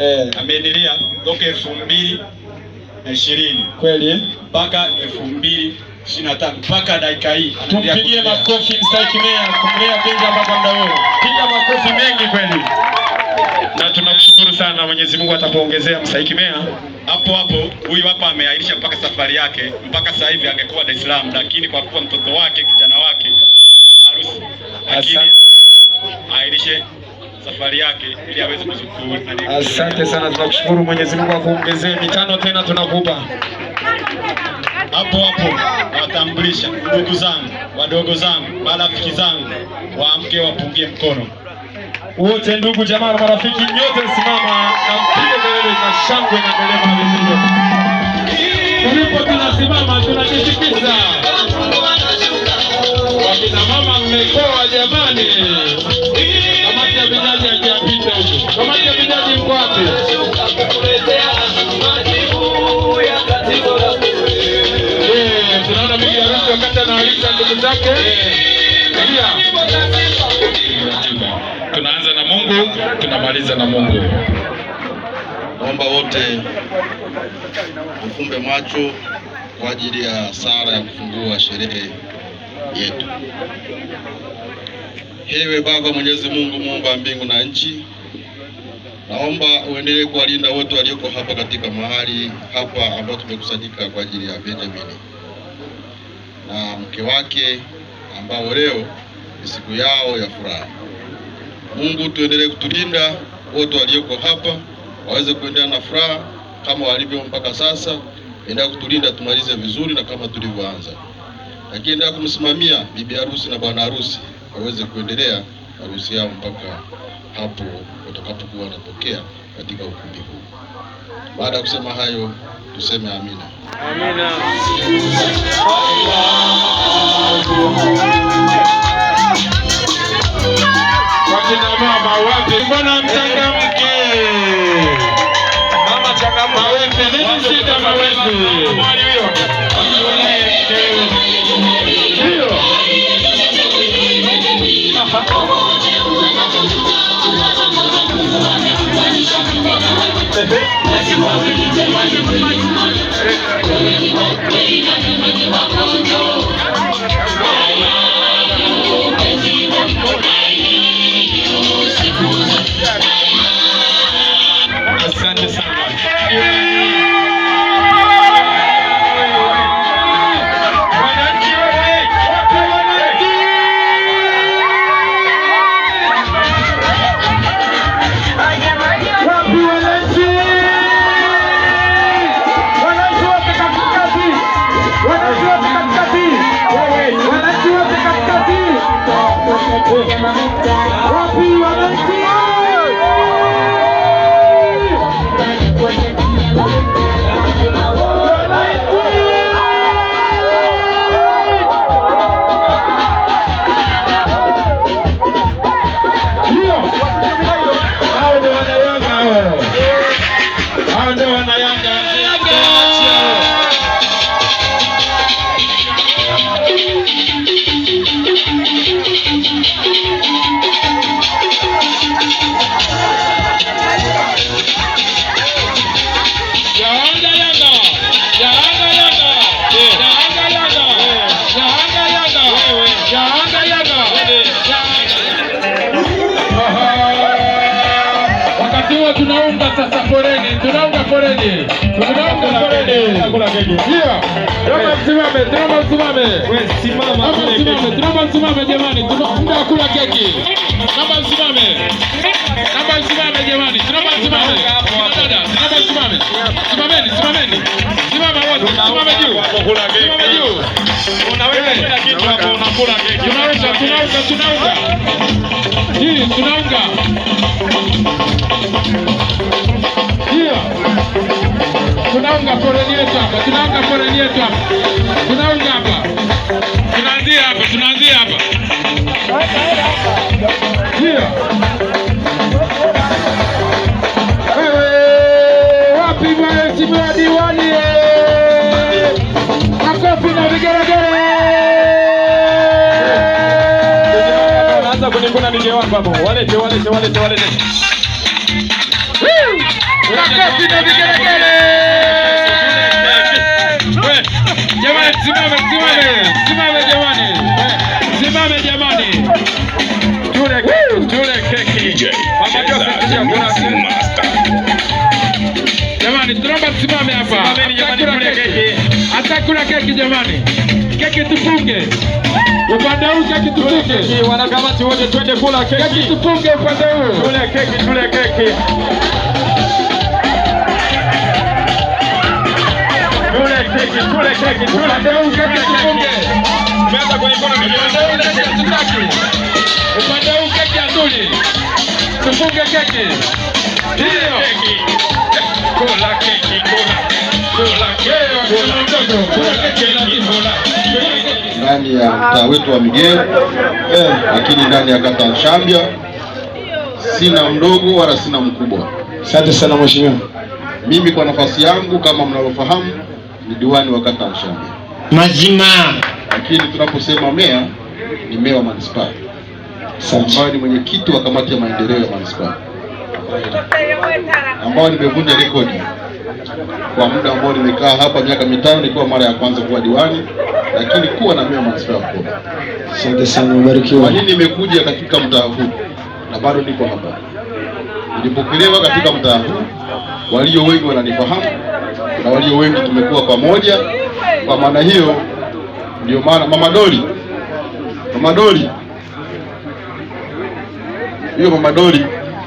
eh, ameendelea toka elfu mbili na ishirini kweli eh? mpaka elfu mbili ishirini na tano mpaka dakika hii. Tumpigie makofi mstahiki meya kumlea Benja Mbamba Mdaworo, piga makofi mengi kweli na tunakushukuru sana. Mwenyezi Mungu atakuongezea mstahiki meya. Hapo hapo huyu hapa ameahirisha mpaka safari yake, mpaka sasa hivi angekuwa Dar es Salaam, lakini kwa kuwa mtoto wake kijana wake harusi, lakini ahirishe safari yake ili aweze kuzukuru. Asante sana, tunakushukuru Mwenyezi Mungu akuongezee mitano tena tunakupa. Hapo hapo nawatambulisha ndugu zangu, wadogo zangu, marafiki zangu, waamke wapungie mkono wote, ndugu jamaa na marafiki, nyote simama na mpige kelele za shangwe na nderemo. Tulipo tunasimama tunajisikiza tunamaliza na Mungu. Naomba wote mfumbe macho kwa ajili ya sala ya kufungua sherehe yetu. Hewe Baba Mwenyezi Mungu, muumba mbingu na nchi, naomba uendelee kuwalinda wote walioko hapa katika mahali hapa ambao tumekusanyika kwa ajili ya Benjamin na mke wake ambao leo ni siku yao ya furaha. Mungu tuendelee kutulinda wote walioko hapa waweze kuendelea na furaha kama walivyo mpaka sasa, endelea kutulinda tumalize vizuri na kama tulivyoanza, lakini endelea kumsimamia bibi harusi na bwana harusi waweze kuendelea harusi yao mpaka hapo watakapokuwa wanatokea katika ukumbi huu. Baada ya kusema hayo, tuseme amina, amina. sana mchangamke. Mama changamka wewe, nini shida na wewe? Tunaomba msimame jamani, muda wa kula keki. Tunaomba msimame, tunaomba msimame jamani, tunaomba msimame. Dada, tunaomba msimame. Simameni, simameni, simama wote, simame juu, simame juu. Unaweza kila kitu hapo, unakula keki. Tunauza, tunauza, tunauza. Hii tunaunga. Kunaunga foreni yetu hapa, tunaunga foreni yetu hapa, tunaunga hapa, tunaanzia hapa, tunaanzia hapa, ndio wapi mheshimiwa walete walete walete walete, makofi na vigeregere. Simame, simame, simame jamani, simame jamani, tule tule keki jamani, tunaomba simame hapa, atakula keki jamani, keki tufunge upande huu, keki tufunge, wanakamati wote twende kula keki, keki tufunge upande huu, tule keki, tule keki ndani ya mtaa wetu wa Migeo eh, lakini ndani ya kata ya Shambya sina mdogo wala sina mkubwa. Asante sana mheshimiwa. Mimi kwa nafasi yangu kama mnavyofahamu ni diwani wa kata Mshambe mazima, lakini tunaposema meya ni meya wa manispaa ambayo ni mwenyekiti wa kamati ya maendeleo ya manispaa ambayo nimevunja rekodi kwa muda ambao nimekaa hapa miaka mitano, nikiwa mara ya kwanza kuwa diwani, lakini kuwa na meya wa manispaa ya Asante sana, ubarikiwe. Kwa nini nimekuja katika mtaa huu na bado niko hapa? Nilipokelewa katika mtaa huu, walio wengi wananifahamu na walio wengi tumekuwa pamoja. Kwa maana hiyo ndio maana mama Doli, mama Doli hiyo mama Doli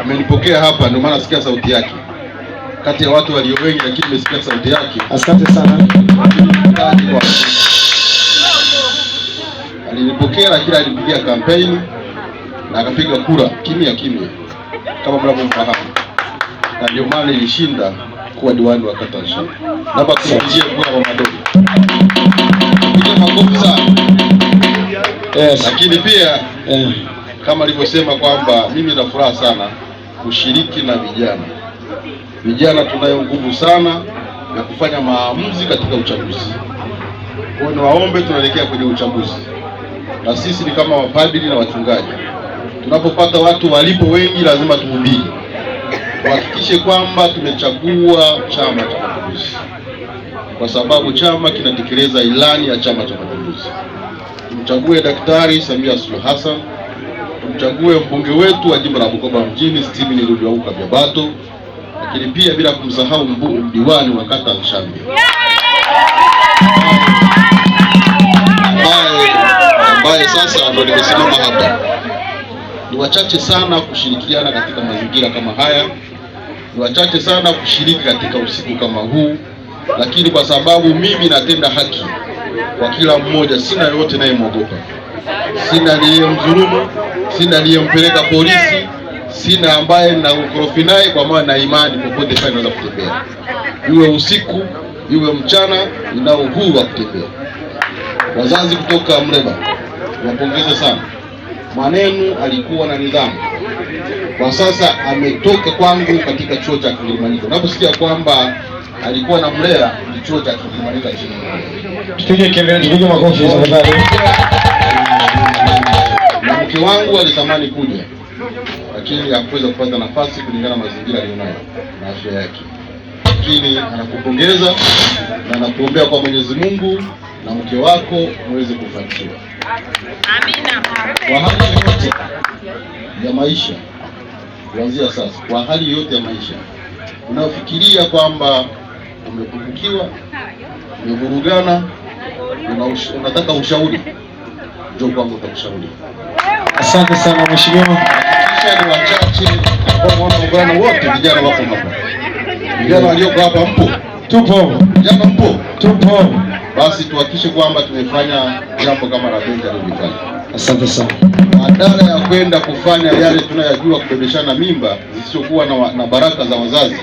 amenipokea hapa, ndio maana sikia sauti yake kati ya watu walio wengi, lakini nimesikia sauti yake. Asante sana, alinipokea lakini alipigia kampeni na akapiga kura kimya kimya, kama mnavyofahamu, na ndio maana ilishinda kuwa diwani wa kata ya Shaba. Naomba tusikie kwa mama Dodo. Ni magumu sana. Yes. Lakini pia eh, kama alivyosema kwamba mimi na furaha sana kushiriki na vijana. Vijana tunayo nguvu sana ya kufanya maamuzi katika uchaguzi. Kwa hiyo niwaombe, tunaelekea kwenye uchaguzi na sisi ni kama wapadili na wachungaji, tunapopata watu walipo wengi lazima tuhubiri tuhakikishe kwamba tumechagua Chama cha Mapinduzi kwa sababu chama kinatekeleza ilani ya Chama cha Mapinduzi. Tumchague Daktari Samia Suluhu Hassan, tumchague mbunge wetu wa jimbo la Bukoba mjini Stephen Lilyauka Byabato, lakini pia bila kumsahau mdiwani wa kata Mshambi ambaye sasa ndo nimesimama hapa. Ni wachache sana kushirikiana katika mazingira kama haya ni wachache sana kushiriki katika usiku kama huu, lakini kwa sababu mimi natenda haki kwa kila mmoja, sina yoyote nayemwogopa, sina niliyemdhulumu, sina mpeleka polisi, sina ambaye na ukorofi naye, kwa maana na imani popote pale naweza kutembea, iwe usiku iwe mchana, ninao uhuru wa kutembea. Wazazi kutoka Mreba, niwapongeze sana, maneno alikuwa na nidhamu kwa sasa ametoka kwangu katika chuo cha Kilimanjaro. Unaposikia kwamba alikuwa na mlea ni chuo cha Kilimanjaro Tupige kelele, tupige makofi tafadhali. Na mke wangu alitamani kuja lakini hakuweza kupata nafasi kulingana na mazingira aliyonayo na afya yake, lakini anakupongeza na nakuombea kwa Mwenyezi Mungu na mke wako muweze kufanikiwa. Amina. Kwa hali yote ya maisha kuanzia sasa, kwa hali yote ya maisha, unafikiria kwamba umepungukiwa, umevurugana, unataka ushauri, njoo kwangu utakushauri. Asante sana mheshimiwa. Hakikisha ni wachache ambao wanaungana wote, vijana wako hapa, vijana walioko hapa, mpo? Tupo vijana, mpo? Tupo. Basi tuhakikishe kwamba tumefanya jambo kama la Benja alivyofanya. Asante sana badala ya kwenda kufanya yale tunayajua kubebeshana mimba zisizokuwa na, na baraka za wazazi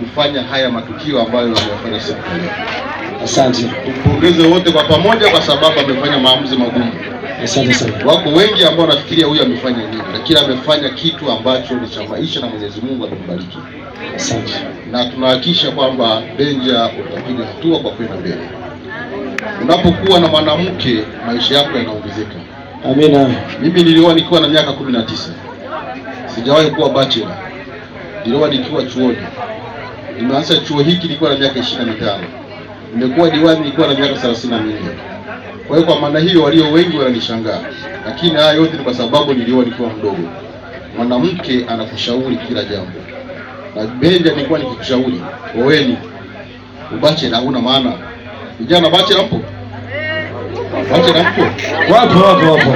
kufanya haya matukio ambayo yamewafanya siku. Asante, tumpongeze wote kwa pamoja, kwa sababu amefanya maamuzi magumu. Asante sana. Wako wengi ambao wanafikiria huyu amefanya nini, lakini amefanya kitu ambacho ni cha maisha na Mwenyezi Mungu atambariki. Asante, na tunahakisha kwamba Benja utapiga hatua kwa kwenda mbele. Unapokuwa na mwanamke, maisha yako yanaongezeka. Amina. Mimi nilioa nikiwa na miaka kumi na tisa. Sijawahi kuwa bachelor. Nilioa nikiwa chuoni. Nimeanza chuo hiki nikiwa na miaka ishirini na mitano. Nimekuwa diwani nikiwa na miaka thelathini na minne. Kwa hiyo kwa maana hiyo walio wengi wananishangaa, lakini haya yote ni kwa sababu nilioa nikiwa mdogo. Mwanamke anakushauri kila jambo, na Benja nilikuwa nikikushauri oweni, ubachela hauna maana. Vijana bachela mpo? Acha na mko wapo wapo wapo.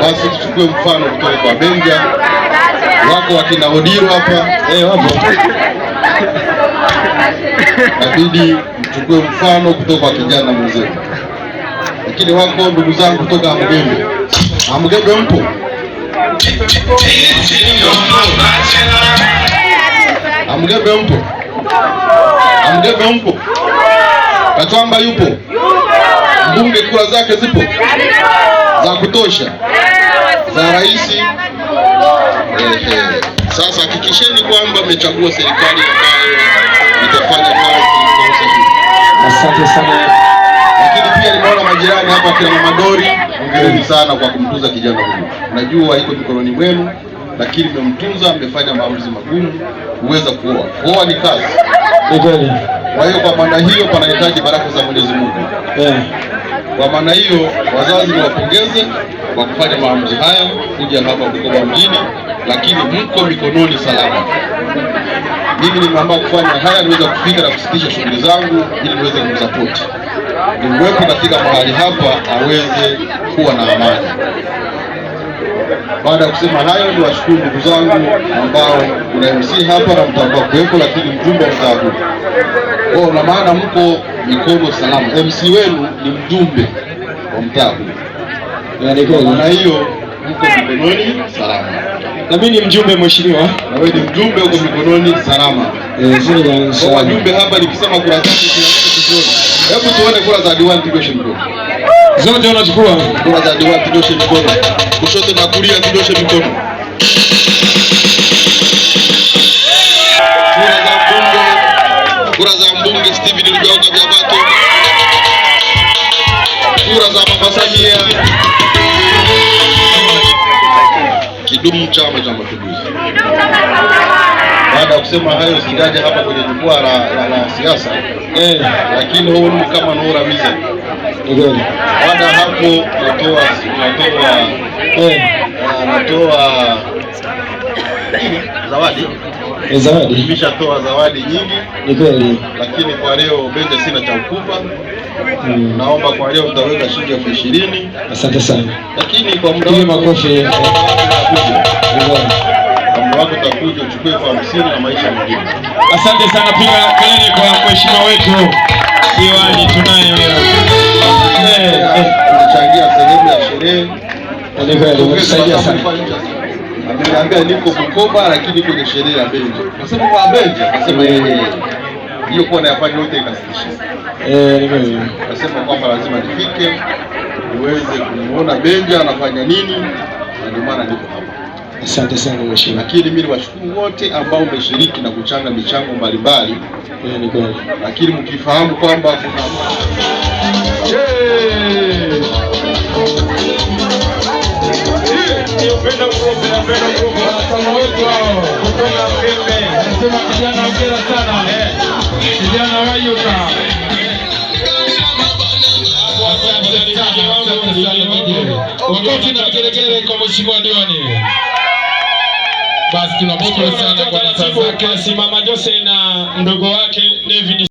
Basi tuchukue mfano kutoka kwa Benja, wako wakina Odiro hapa eh, wapo nabidi mchukue mfano kutoka kwa kijana mwenzetu, lakini wako ndugu zangu kutoka amgembe Amugembe mpo? Amugembe mpo? Amugembe mpo? Katwamba yupo? bunge kura zake zipo za kutosha za rais. Sasa hakikisheni kwamba mmechagua serikali ambayo itafanya kazi kwa Asante sana. Lakini pia nimeona majirani hapa kina Mama Dori, hongereni sana kwa kumtunza kijana huyu. Najua iko mikononi mwenu lakini mmemtunza, mmefanya maamuzi magumu kuweza kuoa. Kuoa ni kazi. Kwa hiyo kwa maana hiyo panahitaji baraka za Mwenyezi Mungu. Eh. Kwa maana hiyo, wazazi niwapongeze kwa kufanya maamuzi haya kuja hapa Bukoba mjini, lakini mko mikononi salama. Mimi nimeamua kufanya haya, niweza kufika na kusitisha shughuli zangu ili niweze kumsapoti, niwepo katika mahali hapa aweze kuwa na amani. Baada ya kusema hayo, ni washukuru ndugu zangu ambao kuna MC hapa na mtakuwa kuwepo, lakini mjumbe sababu kwao, na maana mko mikono salama, MC wenu ni mjumbe wa mtaku, maana hiyo mko mikononi salama, na mimi ni mjumbe mheshimiwa, na wewe ni mjumbe, uko mikononi salama. Eh, Wajumbe hapa nikisema kura zake, hebu tuone kura za diwani. Zote wanachukua. kuna za ndoa kinyoshe mikono. Kushoto na kulia kidoshe mikono. Kura za mbunge. Kura za mbunge Steven Ligauka Vyabato. Kura za Mama Samia. Kidumu Chama cha Mapinduzi. Baada ya kusema hayo sikaje hapa kwenye jukwaa la, la, la siasa eh, lakini huyu kama nuura miza Dodoma. Baada hapo natoa natoa ah, natoa zawadi eh, zawadi, nimeshatoa zawadi nyingi, ni kweli, lakini kwa leo bende sina cha ukupa. Hmm. Naomba kwa leo mtaweka shilingi elfu ishirini. Asante sana, lakini kwa muda wako makofi wako takuja uchukue elfu hamsini na maisha mengine. Asante sana, piga kelele kwa mheshimiwa wetu. Diwani tunaye leo. Nachangia sehemu ya sherehe. Alisaidia Ameniambia niko Bukoba lakini kwenye sherehe ya Benja. Nasema kwa Benja, nasema eh. yeye. Hiyo kwa nafanya yote ikasitisha. Eh, nasema kwamba lazima nifike niweze kumuona Benja anafanya nini na ndio maana niko Asante sana mheshimiwa. Lakini mimi niwashukuru wote ambao umeshiriki na kuchanga michango mbalimbali, lakini mkifahamu kwamba wakati na kelekele kwa mheshimiwa diwani basi tunapongeza sana kwa sasa. Simama Jose na mdogo wake David.